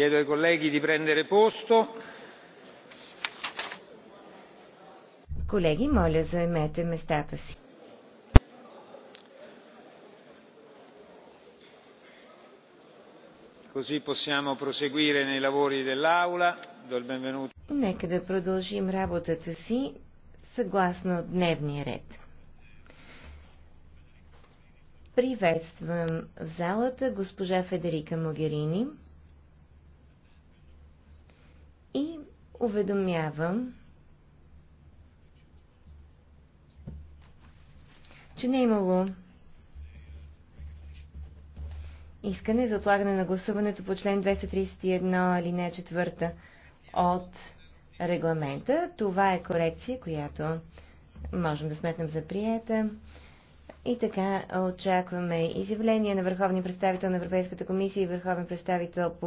chiedo ai colleghi di prendere posto. Колеги, моля, заемете местата си. Così possiamo proseguire nei lavori dell'Aula. Do il benvenuto. Нека да продължим работата си съгласно дневния ред. Приветствам в залата госпожа Федерика Могерини, уведомявам, че не е имало искане за отлагане на гласуването по член 231 не 4 от регламента. Това е корекция, която можем да сметнем за приета. И така очакваме изявление на Върховния представител на Европейската комисия и Върховен представител по